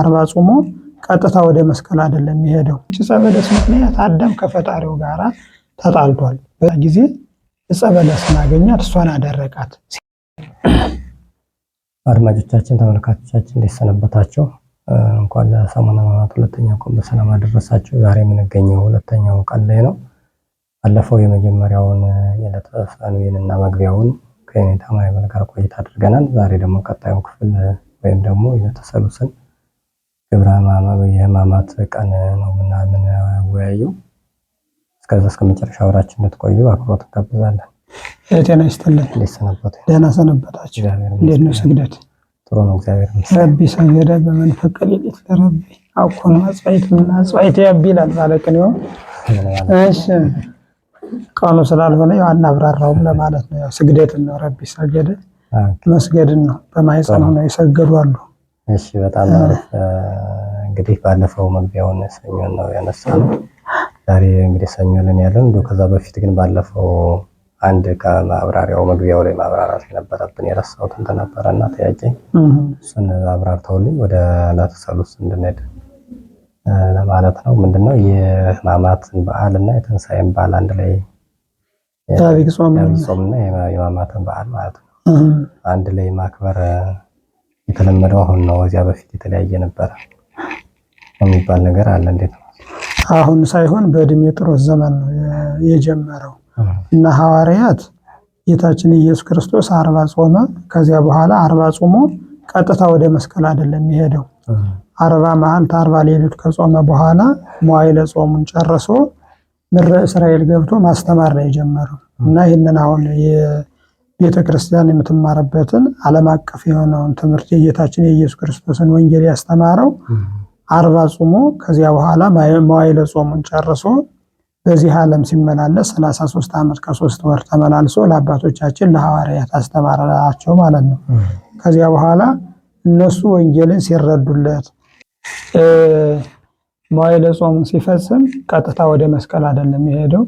አርባ ጾሞ ቀጥታ ወደ መስቀል አይደለም የሚሄደው። ዕፀ በለስ ምክንያት አዳም ከፈጣሪው ጋራ ተጣልቷል። በዛ ጊዜ ዕፀ በለስን አገኛት፣ እሷን አደረቃት። አድማጮቻችን፣ ተመልካቾቻችን እንደሰነበታቸው እንኳን ለሰሙነ ሕማማት ሁለተኛው ቀን በሰላም አደረሳቸው። ዛሬ የምንገኘው ሁለተኛው ቀን ላይ ነው። ባለፈው የመጀመሪያውን የዕለተ ፋኑኤልና መግቢያውን ከኔታ ማይመል ጋር ቆይታ አድርገናል። ዛሬ ደግሞ ቀጣዩ ክፍል ወይም ደግሞ የዕለተ ሠሉስን ግብረ ሕማማ የሕማማት ቀን ነው ምናምን የምንወያየው። እስከዛ እስከ መጨረሻ ወራችን እንድትቆዩ አክብሮት እንጋብዛለን። ጤና ይስጥልን። እንዴት ሰነበቱ? ደህና ሰነበታችሁ? እንዴት ነው ስግደት? ጥሩ ነው እግዚአብሔር ይመስገን። ረቢ ሰገደ በመንፈቀ ሌሊት ለረቢ አኮን አጽዋዕት ምን አጽዋዕት ያቢ ይላል ማለት ነው። እሺ ቃሉ ስላልሆነ ያው አናብራራውም ለማለት ነው። ያው ስግደትን ነው ረቢ ሰገደ መስገድን ነው። በማይጸን ሆነው የሰገዱ አሉ እሺ በጣም አሪፍ እንግዲህ ባለፈው መግቢያውን ሰኞን ነው ነው ዛሬ እንግዲህ ሰኞ ልን ያለን እንዶ ከዛ በፊት ግን ባለፈው አንድ ከማብራሪያው መግቢያው ላይ ማብራራት የነበረብን የረሳሁት እንትን ነበረ እና ጥያቄ እሱን አብራርተውልኝ ወደ ዕለተ እንድንሄድ ለማለት ነው። ምንድነው የህማማትን በዓል እና የትንሣኤን በዓል አንድ ላይ ጾም እና በዓል ማለት ነው አንድ ላይ ማክበር የተለመደው አሁን ነው። ከዚያ በፊት የተለያየ ነበረ የሚባል ነገር አለ። እንዴት ነው? አሁን ሳይሆን በድሜጥሮስ ዘመን ነው የጀመረው እና ሐዋርያት ጌታችን ኢየሱስ ክርስቶስ አርባ ጾመ። ከዚያ በኋላ አርባ ጾሞ ቀጥታ ወደ መስቀል አይደለም የሄደው። አርባ መዓልት አርባ ሌሊት ከጾመ በኋላ መዋዕለ ጾሙን ጨርሶ ምድረ እስራኤል ገብቶ ማስተማር ነው የጀመረው እና ይህንን አሁን ቤተ ክርስቲያን የምትማርበትን ዓለም አቀፍ የሆነውን ትምህርት የጌታችን የኢየሱስ ክርስቶስን ወንጌል ያስተማረው አርባ ጾሞ ከዚያ በኋላ መዋይለ ጾሙን ጨርሶ በዚህ ዓለም ሲመላለስ 33 ዓመት ከሶስት ወር ተመላልሶ ለአባቶቻችን ለሐዋርያት አስተማራቸው ማለት ነው። ከዚያ በኋላ እነሱ ወንጌልን ሲረዱለት መዋዕለ ጾሙን ሲፈጽም ቀጥታ ወደ መስቀል አይደለም የሄደው፣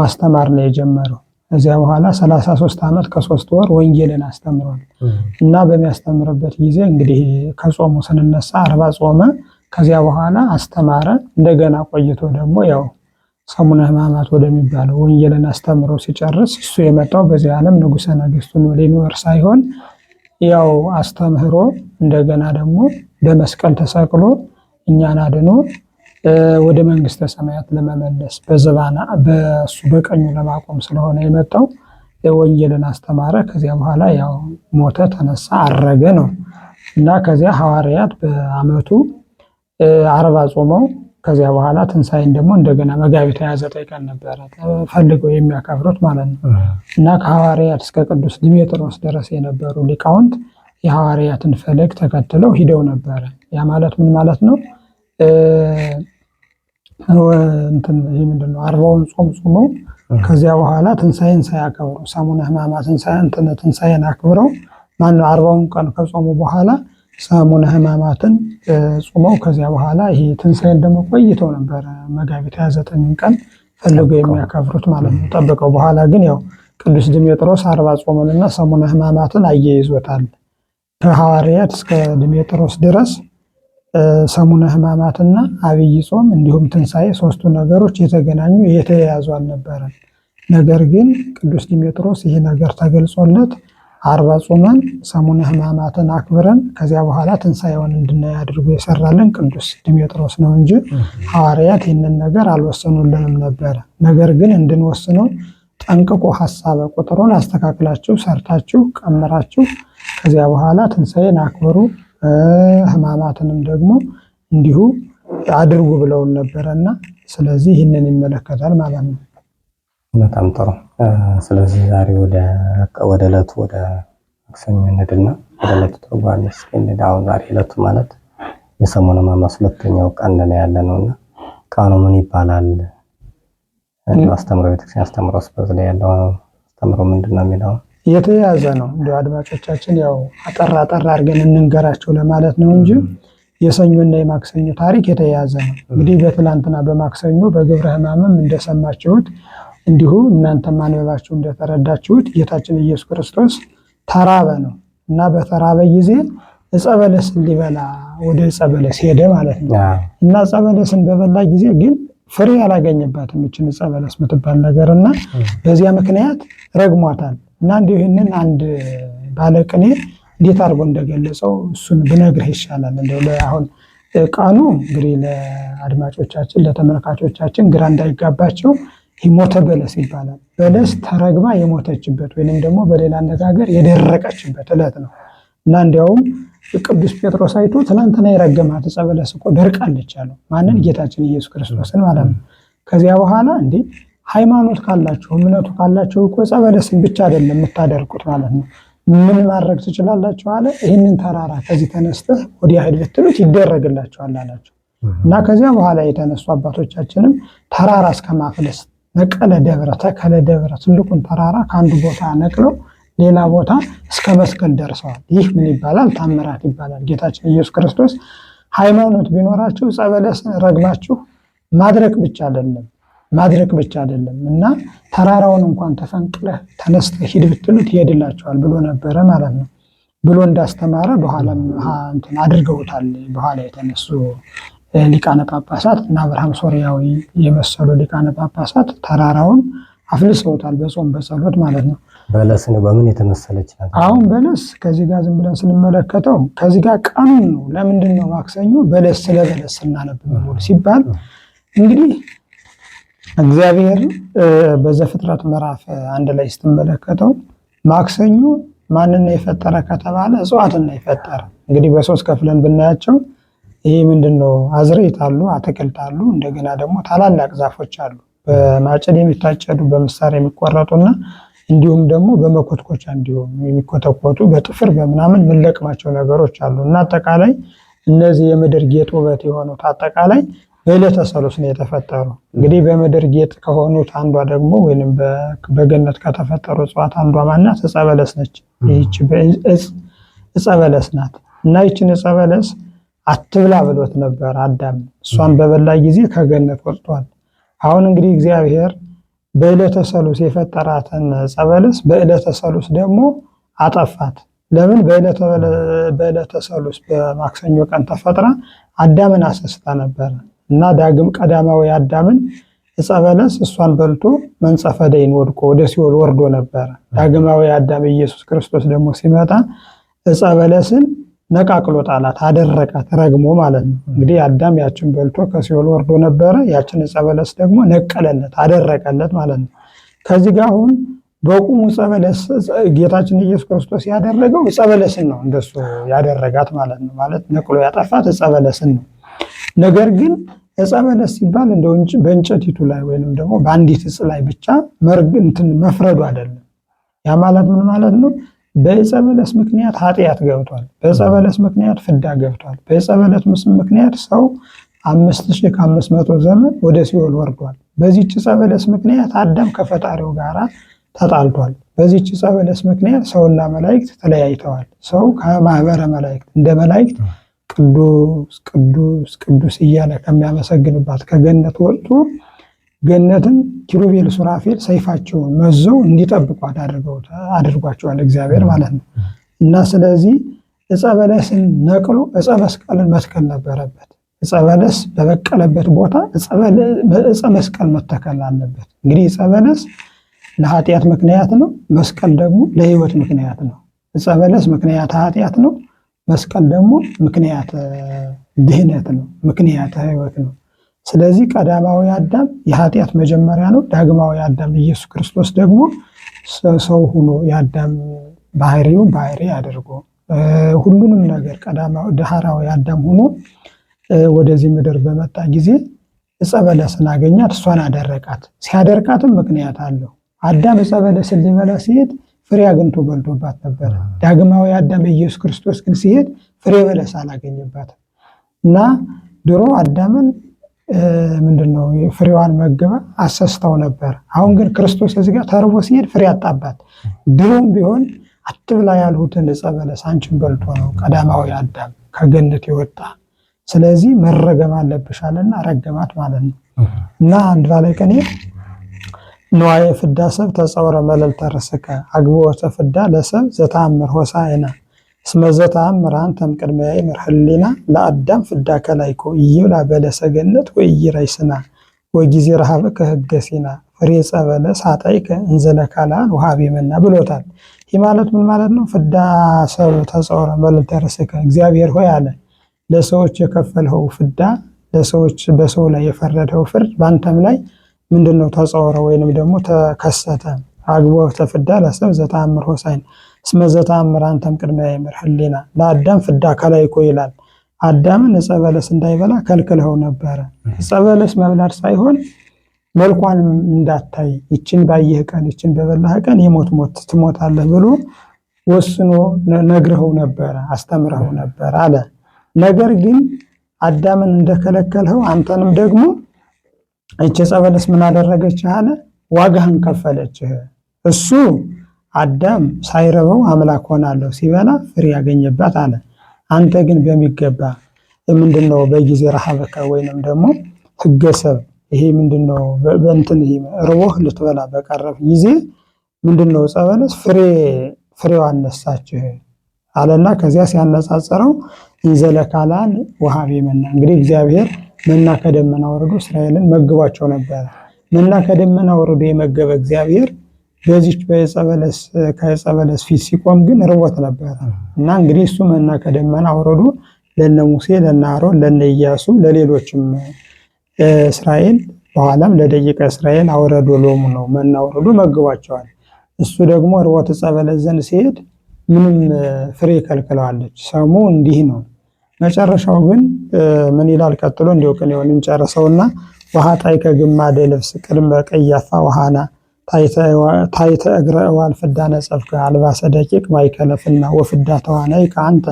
ማስተማር ነው የጀመረው። ከዚያ በኋላ ሰላሳ ሶስት ዓመት ከሶስት ወር ወንጌልን አስተምሯል እና በሚያስተምርበት ጊዜ እንግዲህ ከጾሙ ስንነሳ አርባ ጾመ። ከዚያ በኋላ አስተማረ። እንደገና ቆይቶ ደግሞ ያው ሰሙነ ሕማማት ወደሚባለው ወንጌልን አስተምሮ ሲጨርስ እሱ የመጣው በዚህ ዓለም ንጉሰ ነገስቱን ሊኖር ሳይሆን ያው አስተምህሮ እንደገና ደግሞ በመስቀል ተሰቅሎ እኛን አድኖ ወደ መንግስተ ሰማያት ለመመለስ በዘባና በእሱ በቀኙ ለማቆም ስለሆነ የመጣው ወንጌልን አስተማረ። ከዚያ በኋላ ያው ሞተ፣ ተነሳ፣ አረገ ነው እና ከዚያ ሐዋርያት በአመቱ አርባ ጾመው ከዚያ በኋላ ትንሣኤን ደግሞ እንደገና መጋቢት ሃያ ዘጠኝ ቀን ነበረ ፈልገው የሚያከብሩት ማለት ነው እና ከሐዋርያት እስከ ቅዱስ ዲሜጥሮስ ድረስ የነበሩ ሊቃውንት የሐዋርያትን ፈለግ ተከትለው ሂደው ነበረ። ያ ማለት ምን ማለት ነው? እንትን አርባውን ጾም ጾመው ከዚያ በኋላ ትንሳኤን ሳያከብሩ ሰሙነ ሕማማትን ትንሣኤን አክብረው ማነው አርባውን ቀን ከጾሙ በኋላ ሰሙነ ሕማማትን ጾመው ከዚያ በኋላ ይሄ ትንሣኤን ደግሞ ቆይተው ነበረ መጋቢት ሃያ ዘጠኝን ቀን ፈልገው የሚያከብሩት ማለት ነው ጠብቀው። በኋላ ግን ያው ቅዱስ ድሜጥሮስ አርባ ጾምንና ሰሙነ ሕማማትን አያይዞታል ከሐዋርያት እስከ ድሜጥሮስ ድረስ ሰሙነ ሕማማትና አብይ ጾም እንዲሁም ትንሣኤ ሶስቱ ነገሮች የተገናኙ የተያያዙ አልነበረም። ነገር ግን ቅዱስ ዲሜጥሮስ ይህ ነገር ተገልጾለት አርባ ጾመን ሰሙነ ሕማማትን አክብረን ከዚያ በኋላ ትንሣኤውን እንድናይ አድርጎ የሰራልን ቅዱስ ዲሜጥሮስ ነው እንጂ ሐዋርያት ይህንን ነገር አልወሰኑልንም ነበረ። ነገር ግን እንድንወስነው ጠንቅቆ ሀሳበ ቁጥሩን አስተካክላችሁ ሰርታችሁ ቀምራችሁ ከዚያ በኋላ ትንሣኤን አክብሩ ህማማትንም ደግሞ እንዲሁ አድርጉ ብለውን ነበረ እና ስለዚህ ይህንን ይመለከታል ማለት ነው። በጣም ጥሩ። ስለዚህ ዛሬ ወደ ዕለቱ ወደ ማክሰኞ እንሂድና ወደ ዕለቱ ትርጓሜ እስኪ እንሂድ። አሁን ዛሬ ዕለቱ ማለት የሰሙነ ሕማማት ሁለተኛው ቀን ነው ያለ ነው እና ቃሉ ምን ይባላል? አስተምሮ ቤተክርስቲያን አስተምሮስ በዚህ ላይ ያለው አስተምሮ ምንድን ነው የሚለው የተያዘ ነው። እንዲ አድማጮቻችን ያው አጠራ አጠራ አድርገን እንንገራቸው ለማለት ነው እንጂ የሰኞና የማክሰኞ ታሪክ የተያዘ ነው። እንግዲህ በትላንትና በማክሰኞ በግብረ ሕማምም እንደሰማችሁት እንዲሁ እናንተ ማንበባችሁ እንደተረዳችሁት ጌታችን ኢየሱስ ክርስቶስ ተራበ ነው እና በተራበ ጊዜ ዕፀ በለስን ሊበላ ወደ ዕፀ በለስ ሄደ ማለት ነው እና ዕፀ በለስን በበላ ጊዜ ግን ፍሬ አላገኘባትም ይችን ዕፀ በለስ የምትባል ነገር እና በዚያ ምክንያት ረግሟታል። እና እንዲሁ ይህንን አንድ ባለቅኔ እንዴት አድርጎ እንደገለጸው እሱን ብነግርህ ይሻላል። እንደው አሁን ቃኑ እንግዲህ ለአድማጮቻችን ለተመልካቾቻችን ግራ እንዳይጋባቸው ሞተ በለስ ይባላል። በለስ ተረግማ የሞተችበት ወይንም ደግሞ በሌላ አነጋገር የደረቀችበት እለት ነው እና እንዲያውም ቅዱስ ጴጥሮስ አይቶ ትናንትና የረገማት ዕፀ በለስ እኮ ደርቃለች አለው። ማንን? ጌታችን ኢየሱስ ክርስቶስን ማለት ነው። ከዚያ በኋላ እንዴ ሃይማኖት ካላችሁ እምነቱ ካላችሁ እኮ ጸበለስን ብቻ አይደለም የምታደርጉት ማለት ነው። ምን ማድረግ ትችላላችሁ አለ። ይህንን ተራራ ከዚህ ተነስተህ ወዲያ ሂድ ብትሉት ይደረግላችኋል አላቸው እና ከዚያ በኋላ የተነሱ አባቶቻችንም ተራራ እስከ ማፍለስ ነቀለ ደብረ፣ ተከለ ደብረ ትልቁን ተራራ ከአንዱ ቦታ ነቅለው ሌላ ቦታ እስከ መስቀል ደርሰዋል። ይህ ምን ይባላል? ታምራት ይባላል። ጌታችን ኢየሱስ ክርስቶስ ሃይማኖት ቢኖራችሁ ጸበለስን ረግማችሁ ማድረግ ብቻ አይደለም ማድረግ ብቻ አይደለም እና ተራራውን እንኳን ተፈንቅለህ ተነስተህ ሂድ ብትሉት ይሄድላቸዋል ብሎ ነበረ ማለት ነው ብሎ እንዳስተማረ በኋላም አድርገውታል። በኋላ የተነሱ ሊቃነ ጳጳሳት እና አብርሃም ሶሪያዊ የመሰሉ ሊቃነ ጳጳሳት ተራራውን አፍልሰውታል በጾም በጸሎት ማለት ነው። በለስ ነው በምን የተመሰለች አሁን በለስ ከዚህ ጋር ዝም ብለን ስንመለከተው ከዚህ ጋር ቀኑን ነው። ለምንድን ነው ማክሰኞ በለስ ስለ በለስ ስናነብ ሲባል እንግዲህ እግዚአብሔር በዘፍጥረት ምዕራፍ አንድ ላይ ስትመለከተው ማክሰኞ ማንን ነው የፈጠረ ከተባለ እጽዋትን ነው የፈጠረ። እንግዲህ በሶስት ከፍለን ብናያቸው ይሄ ምንድን ነው? አዝርዕት አሉ፣ አትክልት አሉ፣ እንደገና ደግሞ ታላላቅ ዛፎች አሉ። በማጭድ የሚታጨዱ በመሳሪያ የሚቆረጡና እንዲሁም ደግሞ በመኮትኮቻ እንዲሁም የሚኮተኮቱ በጥፍር በምናምን የምንለቅማቸው ነገሮች አሉ እና አጠቃላይ እነዚህ የምድር ጌጥ ውበት የሆኑት አጠቃላይ በዕለተ ሰሉስ ነው የተፈጠሩ። እንግዲህ በምድር ጌጥ ከሆኑት አንዷ ደግሞ ወይም በገነት ከተፈጠሩ እጽዋት አንዷ ማናት? ዕፀ በለስ ነች። ይህች ዕፀ በለስ ናት እና ይችን ዕፀ በለስ አትብላ ብሎት ነበር አዳም። እሷን በበላ ጊዜ ከገነት ወጥቷል። አሁን እንግዲህ እግዚአብሔር በዕለተ ሰሉስ የፈጠራትን ዕፀ በለስ በዕለተ ሰሉስ ደግሞ አጠፋት። ለምን? በዕለተ ሰሉስ በማክሰኞ ቀን ተፈጥራ አዳምን አሰስታ ነበር? እና ዳግም ቀዳማዊ አዳምን ዕፀ በለስ እሷን በልቶ መንጸፈ ደይን ወድቆ ወደ ሲኦል ወርዶ ነበረ። ዳግማዊ አዳም ኢየሱስ ክርስቶስ ደግሞ ሲመጣ ዕፀ በለስን ነቃቅሎ ጣላት፣ አደረቃት፣ ረግሞ ማለት ነው። እንግዲህ አዳም ያችን በልቶ ከሲኦል ወርዶ ነበረ። ያችን ዕፀ በለስ ደግሞ ነቀለለት፣ አደረቀለት ማለት ነው። ከዚህ ጋር አሁን በቁሙ ዕፀ በለስ ጌታችን ኢየሱስ ክርስቶስ ያደረገው ዕፀ በለስን ነው፣ እንደሱ ያደረጋት ማለት ነው። ማለት ነቅሎ ያጠፋት ዕፀ በለስን ነው። ነገር ግን ዕፀ በለስ ሲባል እንደ በእንጨቲቱ ላይ ወይንም ደግሞ በአንዲት ዕፅ ላይ ብቻ መርግንትን መፍረዱ አይደለም። ያ ማለት ምን ማለት ነው? በፀበለስ በለስ ምክንያት ኃጢአት ገብቷል። በፀበለስ በለስ ምክንያት ፍዳ ገብቷል። በፀበለስ በለስ ምክንያት ሰው አምስት ሺህ ከአምስት መቶ ዘመን ወደ ሲኦል ወርዷል። በዚች ዕፀ በለስ ምክንያት አዳም ከፈጣሪው ጋር ተጣልቷል። በዚች ፀበለስ በለስ ምክንያት ሰውና መላእክት ተለያይተዋል። ሰው ከማህበረ መላእክት እንደ መላእክት ቅዱስ ቅዱስ ቅዱስ እያለ ከሚያመሰግንባት ከገነት ወጥቶ ገነትን ኪሩቤል ሱራፌል ሰይፋቸውን መዘው እንዲጠብቋት አድርጓቸዋል እግዚአብሔር ማለት ነው። እና ስለዚህ እፀበለስን በለስን ነቅሎ እፀ መስቀልን መትከል ነበረበት። እፀበለስ በለስ በበቀለበት ቦታ እፀ መስቀል መተከል አለበት። እንግዲህ እፀበለስ በለስ ለኃጢአት ምክንያት ነው። መስቀል ደግሞ ለህይወት ምክንያት ነው። እፀበለስ በለስ ምክንያት ኃጢአት ነው። መስቀል ደግሞ ምክንያት ድህነት ነው፣ ምክንያት ህይወት ነው። ስለዚህ ቀዳማዊ አዳም የኃጢአት መጀመሪያ ነው። ዳግማዊ አዳም ኢየሱስ ክርስቶስ ደግሞ ሰው ሁኖ የአዳም ባህሪውን ባህሪ አድርጎ ሁሉንም ነገር ቀዳማዊ አዳም ሁኖ ወደዚህ ምድር በመጣ ጊዜ ዕፀ በለስን አገኛት፣ እሷን አደረቃት። ሲያደርቃትም ምክንያት አለው። አዳም ዕፀ በለስን ሊበላ ሲሄድ ፍሬ አግኝቶ በልቶባት ነበር። ዳግማዊ አዳም ኢየሱስ ክርስቶስ ግን ሲሄድ ፍሬ በለስ አላገኘባትም እና ድሮ አዳምን ምንድነው ፍሬዋን መገበ አሰስተው ነበር። አሁን ግን ክርስቶስ እዚህ ጋር ተርቦ ሲሄድ ፍሬ አጣባት። ድሮም ቢሆን አትብላ ያልሁትን ዕፀ በለስ አንቺን በልቶ ነው ቀዳማዊ አዳም ከገነት የወጣ። ስለዚህ መረገም አለብሻልና ረገማት ማለት ነው እና አንድ ላይ ቀኔ ንዋየ ፍዳ ሰብ ተፀውረ መለልተ ርእስከ አግብኦተ ፍዳ ለሰብ ዘተአምር ሆሳዕና እስመ ዘተአምር አንተ እምቅድመየ ምርሕሊና ለአዳም ፍዳ ከላይኮ ይብላ በለሰ ገነት ወጊዜ ረሃብከ ህገ ፍሬ ጸበለስ ሀጠይከ እንዘለ ካልአን ወሀቢመና ብሎታል። ይህ ማለት ምን ማለት ነው? ፍዳ ሰብ ተፀውረ መለልተ ርእስከ እግዚአብሔር ሆይ አለ ለሰዎች የከፈልኸው ፍዳ ለሰዎች በሰው ላይ የፈረድኸው ፍርድ በአንተም ላይ ምንድን ነው ተጸወረ ወይንም ደግሞ ተከሰተ አግቦ ተፍዳ ለሰብ ዘተአምር ሆሳይን እስመ ዘተአምር አንተም ቅድመ ያእምር ህሊና ለአዳም ፍዳ ከላይኮ ይላል። አዳምን ዕፀ በለስ እንዳይበላ ከልክልኸው ነበረ። ዕፀ በለስ መብላት ሳይሆን መልኳንም እንዳታይ ይችን ባየህ ቀን ይችን በበላህ ቀን የሞት ሞት ትሞታለህ ብሎ ወስኖ ነግረኸው ነበረ፣ አስተምረኸው ነበር አለ። ነገር ግን አዳምን እንደከለከልኸው አንተንም ደግሞ እቺ ጸበለስ ምን አደረገች አለ? ዋጋህን ከፈለችህ። እሱ አዳም ሳይረበው አምላክ ሆናለሁ ሲበላ ፍሬ ያገኘባት አለ። አንተ ግን በሚገባ ምንድነው በጊዜ ረሃበካ ወይንም ደግሞ ህገሰብ ይሄ ምንድነው በእንትን ይሄ ርቦህ ልትበላ በቀረብ ጊዜ ምንድነው ጸበለስ ፍሬ ፍሬው አነሳችህ አለና ከዚያ ሲያነጻጽረው እንዘለካላን ውሃቤመና እንግዲህ እግዚአብሔር መና ከደመና ወርዶ እስራኤልን መግባቸው ነበረ። መና ከደመና ወርዶ የመገበ እግዚአብሔር በዚች በዕፀ ከዕፀ በለስ ፊት ሲቆም ግን ርቦት ነበረ እና እንግዲህ እሱ መና ከደመና ወርዶ ለነ ሙሴ ለነ አሮን ለነ ኢያሱ ለሌሎችም እስራኤል በኋላም ለደቂቀ እስራኤል አውረዶ ሎሙ ነው መና ወርዶ መግባቸዋል። እሱ ደግሞ ርቦት ዕፀ በለስ ዘንድ ሲሄድ ምንም ፍሬ ከልክለዋለች። ሰሙ እንዲህ ነው። መጨረሻው ግን ምን ይላል? ቀጥሎ እንዲሁ ቅኔውን እንጨርሰውና ወሀጣይ ከግማደ ልብስ ቅድመ ቀያፋ ውሃና ታይተ እግረ እዋል ፍዳ ነጸፍከ አልባሰ ደቂቅ ማይከለፍና ወፍዳ ተዋናይ ከአንተ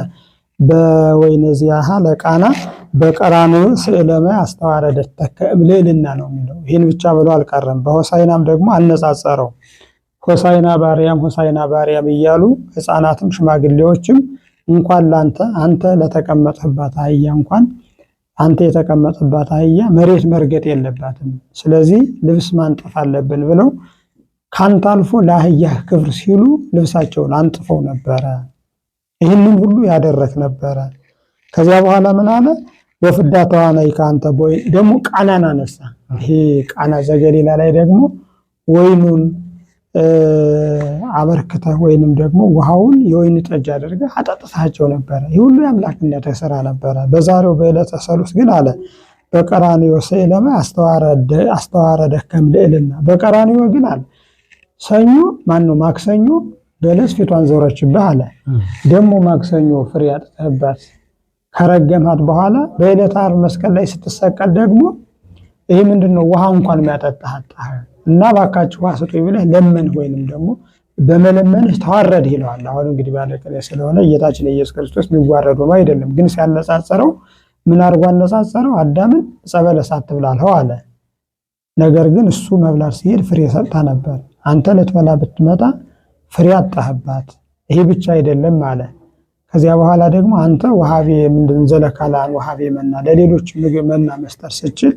በወይነ ዚያሃ ለቃና በቀራንዮ ስዕለመ አስተዋረደት ተከእምልዕልና ነው የሚለው። ይህን ብቻ ብሎ አልቀረም። በሆሳይናም ደግሞ አነጻጸረው። ሆሳይና ባሪያም ሆሳይና ባሪያም እያሉ ህፃናትም ሽማግሌዎችም እንኳን ለአንተ አንተ ለተቀመጠባት አህያ እንኳን አንተ የተቀመጠባት አህያ መሬት መርገጥ የለባትም ስለዚህ ልብስ ማንጠፍ አለብን ብለው ካንተ አልፎ ለአህያህ ክብር ሲሉ ልብሳቸውን አንጥፈው ነበረ። ይህንን ሁሉ ያደረግ ነበረ። ከዚያ በኋላ ምን አለ? በፍዳ ተዋናይ ከአንተ ቦይ ደግሞ ቃናን አነሳ። ይሄ ቃና ዘገሊላ ላይ ደግሞ ወይኑን አበርክተህ ወይንም ደግሞ ውሃውን የወይን ጠጅ አድርገህ አጠጥታቸው ነበረ። ይህ ሁሉ የአምላክነትህ ስራ ነበረ። በዛሬው በዕለተ ሰሉስ ግን አለ በቀራንዮ ሰይለመ አስተዋረደህ ከም ልዕልና በቀራንዮ ግን አለ ሰኞ ማነው ማክሰኞ በለስ ፊቷን ዞረችብህ አለ። ደግሞ ማክሰኞ ፍሬ አጥተህባት ከረገምሃት በኋላ በዕለተ ዓርብ መስቀል ላይ ስትሰቀል ደግሞ ይሄ ምንድን ነው? ውሃ እንኳን የሚያጠጣ እና ባካችሁ ውሃ ስጡኝ ብለህ ለመንህ ወይንም ደግሞ በመለመንህ ተዋረድ ይለዋል። አሁን እንግዲህ ባለቅኔ ስለሆነ እየታችን ኢየሱስ ክርስቶስ የሚዋረዱ አይደለም፣ ግን ሲያነጻጸረው ምን አድርጎ አነጻጸረው? አዳምን ዕፀ በለስ አለ። ነገር ግን እሱ መብላት ሲሄድ ፍሬ ሰጥታ ነበር። አንተ ልትበላ ብትመጣ ፍሬ አጣህባት። ይሄ ብቻ አይደለም አለ። ከዚያ በኋላ ደግሞ አንተ ውሃቤ ምንድን ዘለካላን ውሃቤ መና ለሌሎች ምግብ መና መስጠት ስችል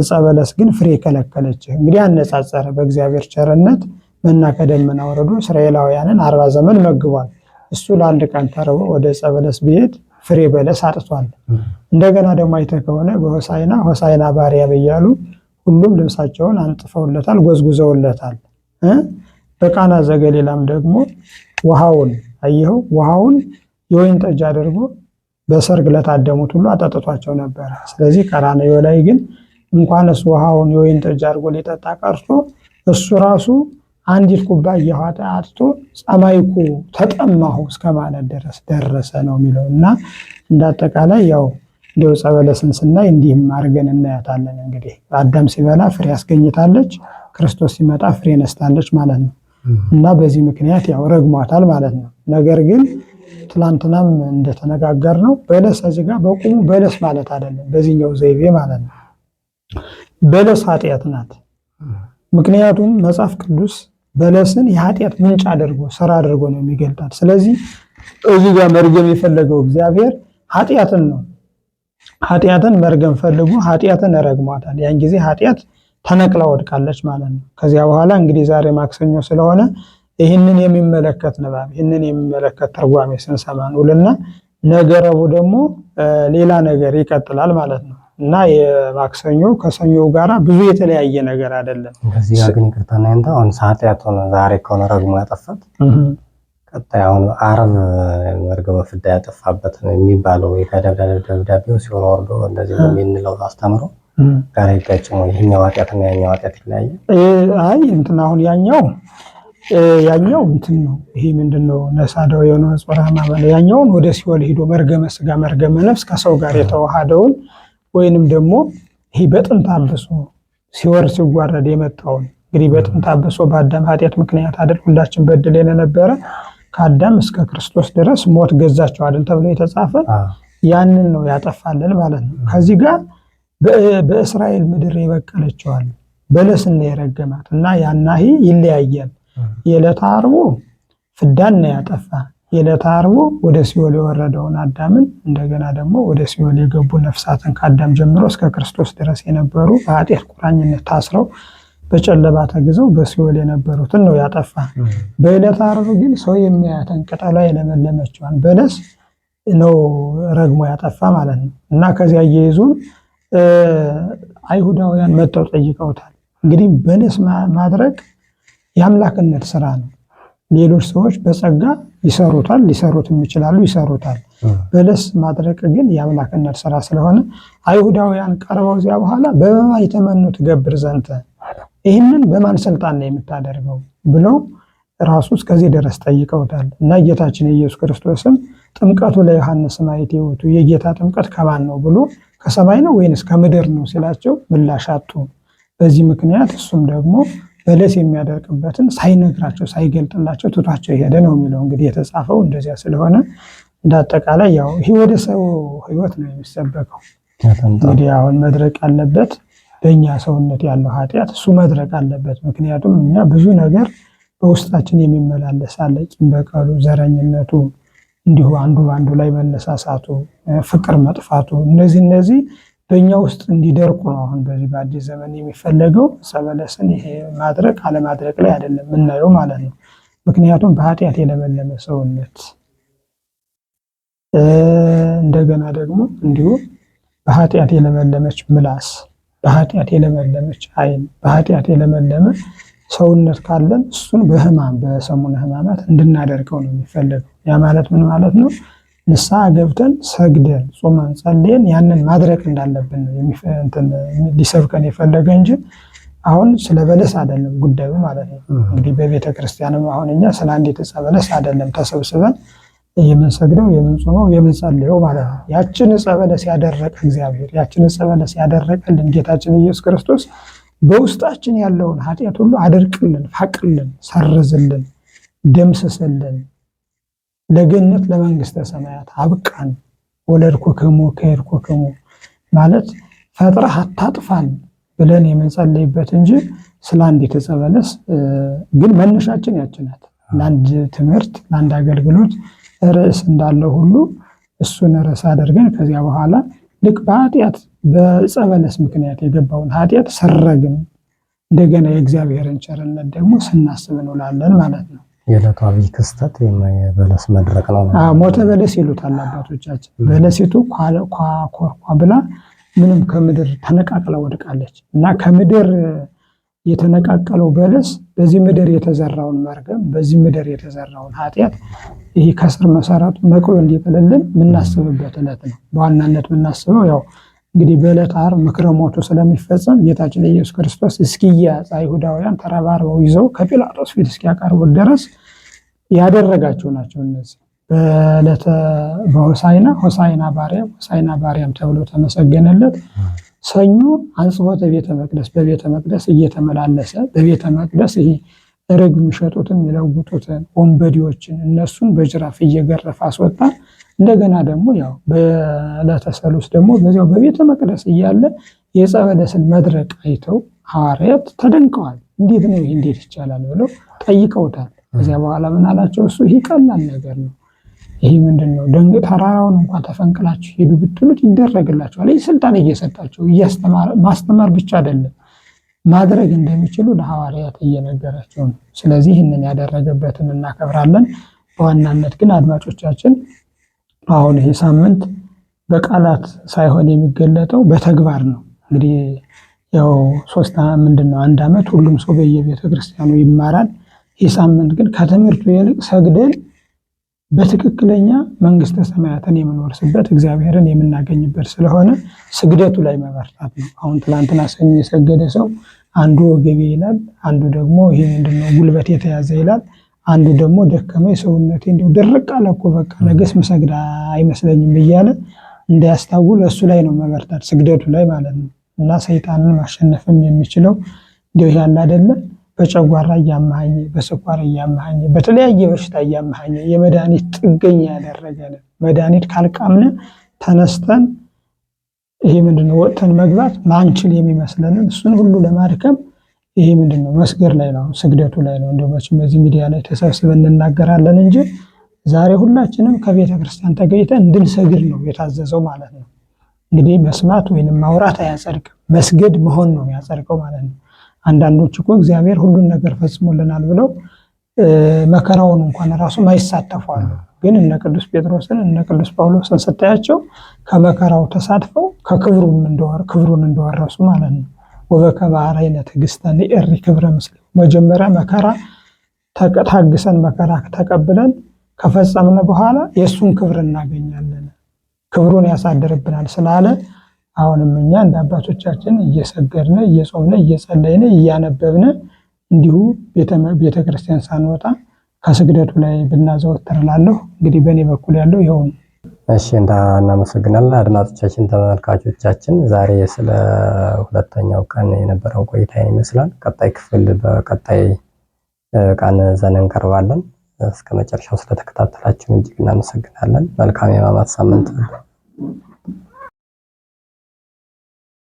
እጸ በለስ ግን ፍሬ ከለከለች። እንግዲህ አነጻጸረ በእግዚአብሔር ቸርነት መና ከደመና ወረዶ እስራኤላውያንን አርባ ዘመን መግቧል። እሱ ለአንድ ቀን ተርቦ ወደ እጸ በለስ ቢሄድ ፍሬ በለስ አጥቷል። እንደገና ደግሞ አይተ ከሆነ በሆሳይና ሆሳይና ባሪያ በያሉ ሁሉም ልብሳቸውን አንጥፈውለታል፣ ጎዝጉዘውለታል። በቃና ዘገሌላም ደግሞ ውሃውን አየኸው፣ ውሃውን የወይን ጠጅ አድርጎ በሰርግ ለታደሙት ሁሉ አጠጥቷቸው ነበረ። ስለዚህ ቀራንዮ ላይ ግን እንኳንስ ውሃውን የወይን ጠጅ አድርጎ ሊጠጣ ቀርቶ እሱ ራሱ አንዲት ኩባያ ውሃ አጥቶ ጸማይኩ ተጠማሁ እስከ ማለት ድረስ ደረሰ ነው የሚለው እና እንዳጠቃላይ ያው እንደው ጸበለስን ስናይ እንዲህም አድርገን እናያታለን። እንግዲህ አዳም ሲበላ ፍሬ ያስገኝታለች፣ ክርስቶስ ሲመጣ ፍሬ ነስታለች ማለት ነው እና በዚህ ምክንያት ያው ረግሟታል ማለት ነው። ነገር ግን ትላንትናም እንደተነጋገር ነው በለስ እዚህ ጋር በቁሙ በለስ ማለት አይደለም፣ በዚህኛው ዘይቤ ማለት ነው። በለስ ኃጢአት ናት። ምክንያቱም መጽሐፍ ቅዱስ በለስን የኃጢአት ምንጭ አድርጎ ስራ አድርጎ ነው የሚገልጣት። ስለዚህ እዚህ ጋር መርገም የፈለገው እግዚአብሔር ኃጢአትን ነው። ኃጢአትን መርገም ፈልጎ ኃጢአትን ረግሟታል። ያን ጊዜ ኃጢአት ተነቅላ ወድቃለች ማለት ነው። ከዚያ በኋላ እንግዲህ ዛሬ ማክሰኞ ስለሆነ ይህንን የሚመለከት ንባብ ይህንን የሚመለከት ትርጓሜ ስንሰማ ውልና ነገ ደግሞ ሌላ ነገር ይቀጥላል ማለት ነው። እና የማክሰኞ ከሰኞ ጋራ ብዙ የተለያየ ነገር አይደለም። ከዚህ ጋር ግን ይቅርታና ይንተ አሁን ኃጢአት ሆነ ዛሬ ከሆነ ረግሞ ያጠፋት ቀጣይ አሁን አረብ መርገመ ፍዳ ያጠፋበት የሚባለው የተደብዳቤው ሲሆን ወርዶ እንደዚህ የሚንለው አስተምሮ ጋር ይጋጭሞ ይህኛው ና ያኛው ኃጢአት ይለያየ። አይ እንትን አሁን ያኛው ያኛው እንትን ነው። ይሄ ምንድን ነው? ነሳዳው የሆነ ጽራማ ያኛውን ወደ ሲወል ሄዶ መርገመ ስጋ መርገመ ነፍስ ከሰው ጋር የተዋሃደውን ወይንም ደግሞ ይህ በጥንት አብሶ ሲወር ሲዋረድ የመጣውን እንግዲህ በጥንት አብሶ በአዳም ኃጢአት ምክንያት አይደል ሁላችን በድል የነበረ ከአዳም እስከ ክርስቶስ ድረስ ሞት ገዛቸው አይደል ተብሎ የተጻፈ ያንን ነው ያጠፋልን ማለት ነው። ከዚህ ጋር በእስራኤል ምድር የበቀለችዋል በለስና የረገማት እና ያናሂ ይለያያል። የዕለተ ዓርቡ ፍዳን ነው ያጠፋ የዕለተ ዓርቡ ወደ ሲኦል የወረደውን አዳምን እንደገና ደግሞ ወደ ሲኦል የገቡ ነፍሳትን ከአዳም ጀምሮ እስከ ክርስቶስ ድረስ የነበሩ በኃጢአት ቁራኝነት ታስረው በጨለባ ተግዘው በሲኦል የነበሩትን ነው ያጠፋ። በዕለተ ዓርብ ግን ሰው የሚያያትን ቅጠሏ የለመለመችዋን በለስ ነው ረግሞ ያጠፋ ማለት ነው። እና ከዚ እየይዙም አይሁዳውያን መጥተው ጠይቀውታል። እንግዲህ በለስ ማድረግ የአምላክነት ስራ ነው። ሌሎች ሰዎች በጸጋ ይሰሩታል፣ ሊሰሩትም ይችላሉ፣ ይሰሩታል። በለስ ማድረቅ ግን የአምላክነት ስራ ስለሆነ አይሁዳውያን ቀርበው እዚያ በኋላ በበማ የተመኑ ትገብር ዘንተ ይህንን በማን ስልጣን ነው የምታደርገው ብለው ራሱ እስከዚህ ድረስ ጠይቀውታል። እና ጌታችን የኢየሱስ ክርስቶስም ጥምቀቱ ለዮሐንስ ማየት የወቱ የጌታ ጥምቀት ከማን ነው ብሎ ከሰማይ ነው ወይንስ ከምድር ነው ሲላቸው ምላሽ አጡ። በዚህ ምክንያት እሱም ደግሞ በለስ የሚያደርቅበትን ሳይነግራቸው ሳይገልጥላቸው ትቷቸው ሄደ ነው የሚለው እንግዲህ የተጻፈው እንደዚያ ስለሆነ እንዳጠቃላይ ያው ይህ ወደ ሰው ህይወት ነው የሚሰበከው። እንግዲህ አሁን መድረቅ ያለበት በእኛ ሰውነት ያለው ኃጢአት እሱ መድረቅ አለበት። ምክንያቱም እኛ ብዙ ነገር በውስጣችን የሚመላለስ አለ። ቂም በቀሉ፣ ዘረኝነቱ፣ እንዲሁ አንዱ በአንዱ ላይ መነሳሳቱ፣ ፍቅር መጥፋቱ እነዚህ እነዚህ በእኛ ውስጥ እንዲደርቁ ነው። አሁን በዚህ በአዲስ ዘመን የሚፈለገው ሰበለስን ይሄ ማድረግ አለማድረቅ ላይ አይደለም የምናየው ማለት ነው። ምክንያቱም በኃጢአት የለመለመ ሰውነት እንደገና ደግሞ እንዲሁም በኃጢአት የለመለመች ምላስ፣ በኃጢአት የለመለመች ዓይን፣ በኃጢአት የለመለመ ሰውነት ካለን እሱን በህማም በሰሙነ ህማማት እንድናደርገው ነው የሚፈለገው። ያ ማለት ምን ማለት ነው? ንስሐ ገብተን ሰግደን ጾመን ጸልየን ያንን ማድረግ እንዳለብን ሊሰብከን የፈለገ እንጂ አሁን ስለ በለስ አይደለም ጉዳዩ ማለት ነው። እንግዲህ በቤተ ክርስቲያንም አሁን እኛ ስለ አንድ የተጻ በለስ አይደለም ተሰብስበን የምንሰግደው የምንጾመው የምንጸልየው ማለት ነው። ያችን ዕፀ በለስ ያደረቀ እግዚአብሔር ያችን ዕፀ በለስ ያደረቀልን ጌታችን ኢየሱስ ክርስቶስ በውስጣችን ያለውን ኃጢአት ሁሉ አድርቅልን፣ ፋቅልን፣ ሰርዝልን፣ ደምስስልን ለገነት ለመንግስተ ሰማያት አብቃን። ወለድኩክሙ ከሄድኩክሙ ማለት ፈጥረህ አታጥፋን ብለን የምንጸለይበት እንጂ ስለ አንድ የተጸበለስ ግን መነሻችን ያችናት ለአንድ ትምህርት ለአንድ አገልግሎት ርዕስ እንዳለው ሁሉ እሱን ርዕስ አድርገን ከዚያ በኋላ ልክ በኃጢአት በጸበለስ ምክንያት የገባውን ኃጢአት ሰረግን። እንደገና የእግዚአብሔርን ቸርነት ደግሞ ስናስብ እንውላለን ማለት ነው። አብይ ክስተት የበለስ መድረቅ ነው። ሞተ በለስ ይሉታል አባቶቻችን። በለሲቱ ኳኮርኳ ብላ ምንም ከምድር ተነቃቅላ ወድቃለች እና ከምድር የተነቃቀለው በለስ በዚህ ምድር የተዘራውን መርገም፣ በዚህ ምድር የተዘራውን ኃጢአት ይህ ከስር መሰረቱ ነቅሎ እንዲጥልልን የምናስብበት ዕለት ነው። በዋናነት የምናስበው ያው እንግዲህ በዕለተ ዓርብ ምክረ ሞቱ ስለሚፈጸም ጌታችን ኢየሱስ ክርስቶስ እስኪያዝ አይሁዳውያን ተረባርበው ይዘው ከጲላጦስ ፊት እስኪያቀርቡት ድረስ ያደረጋቸው ናቸው። እነዚህ በዕለተ በሆሳይና ሆሳይና ባርያም ሆሳይና ባርያም ተብሎ ተመሰገነለት። ሰኞ አንጽሖተ ቤተ መቅደስ በቤተ መቅደስ እየተመላለሰ በቤተ መቅደስ ይሄ ርግብ የሚሸጡትን የሚለውጡትን ወንበዴዎችን እነሱን በጅራፍ እየገረፈ አስወጣ። እንደገና ደግሞ ያው በዕለተ ሰሉስ ደግሞ በዚያው በቤተ መቅደስ እያለ የጸበለስን መድረቅ አይተው ሐዋርያት ተደንቀዋል። እንዴት ነው ይህ እንዴት ይቻላል ብለው ጠይቀውታል። ከዚያ በኋላ ምን አላቸው? እሱ ይህ ቀላል ነገር ነው። ይህ ምንድን ነው? ደንግ ተራራውን እንኳ ተፈንቅላችሁ ሄዱ ብትሉት ይደረግላቸዋል ይህ ስልጣን እየሰጣቸው ማስተማር ብቻ አይደለም ማድረግ እንደሚችሉ ለሐዋርያት እየነገራቸው ነው። ስለዚህ ይህንን ያደረገበትን እናከብራለን። በዋናነት ግን አድማጮቻችን አሁን ይሄ ሳምንት በቃላት ሳይሆን የሚገለጠው በተግባር ነው። እንግዲህ ያው ሶስት ምንድን ነው አንድ ዓመት ሁሉም ሰው በየቤተ ክርስቲያኑ ይማራል። ይህ ሳምንት ግን ከትምህርቱ ይልቅ ሰግደን በትክክለኛ መንግስተ ሰማያትን የምንወርስበት እግዚአብሔርን የምናገኝበት ስለሆነ ስግደቱ ላይ መበርታት ነው። አሁን ትላንትና ሰኞ የሰገደ ሰው አንዱ ወገቤ ይላል፣ አንዱ ደግሞ ይሄ ምንድነው ጉልበት የተያዘ ይላል። አንዱ ደግሞ ደከመኝ ሰውነቴ እንዲሁ ድርቅ አለ እኮ በቃ ነገስ መሰግድ አይመስለኝም እያለ እንዳያስታውል እሱ ላይ ነው መበርታት፣ ስግደቱ ላይ ማለት ነው። እና ሰይጣንን ማሸነፍም የሚችለው እንዲሁ ያለ አይደለ በጨጓራ እያመሃኘ በስኳር እያመሃኘ በተለያየ በሽታ እያመሀኝ የመድኃኒት ጥገኛ ያደረገ መድኃኒት ካልቃምነ ተነስተን ይሄ ምንድነው ወጥተን መግባት ማንችል የሚመስለንን እሱን ሁሉ ለማድከም ይሄ ምንድነው መስገድ ላይ ነው ስግደቱ ላይ ነው። እንደውም በዚህ ሚዲያ ላይ ተሰብስበን እንናገራለን እንጂ ዛሬ ሁላችንም ከቤተ ክርስቲያን ተገኝተን እንድንሰግድ ነው የታዘዘው ማለት ነው። እንግዲህ መስማት ወይንም ማውራት አያጸድቅም፣ መስገድ መሆን ነው የሚያጸድቀው ማለት ነው። አንዳንዶች እኮ እግዚአብሔር ሁሉን ነገር ፈጽሞልናል ብለው መከራውን እንኳን ራሱ ማይሳተፉ አሉ። ግን እነ ቅዱስ ጴጥሮስን እነ ቅዱስ ጳውሎስን ስታያቸው ከመከራው ተሳትፈው ከክብሩን እንደወረሱ ማለት ነው። ወበከመ አርአይነ ትዕግሥተነ እሪ ክብረ ምስል መጀመሪያ መከራ ታግሰን መከራ ተቀብለን ከፈጸምን በኋላ የእሱን ክብር እናገኛለን፣ ክብሩን ያሳድርብናል ስላለ አሁንም እኛ እንደ አባቶቻችን እየሰገድነ እየጾምነ እየጸለይነ እያነበብነ እንዲሁ ቤተክርስቲያን ሳንወጣ ከስግደቱ ላይ ብናዘወትርላለሁ። እንግዲህ በእኔ በኩል ያለው ይኸው ነው። እሺ እናመሰግናለን አድማጮቻችን ተመልካቾቻችን ዛሬ ስለ ሁለተኛው ቀን የነበረውን ቆይታ ይመስላል። ቀጣይ ክፍል በቀጣይ ቀን ዘን እንቀርባለን። እስከ መጨረሻው ስለተከታተላችሁን እጅግ እናመሰግናለን። መልካም የማማት ሳምንት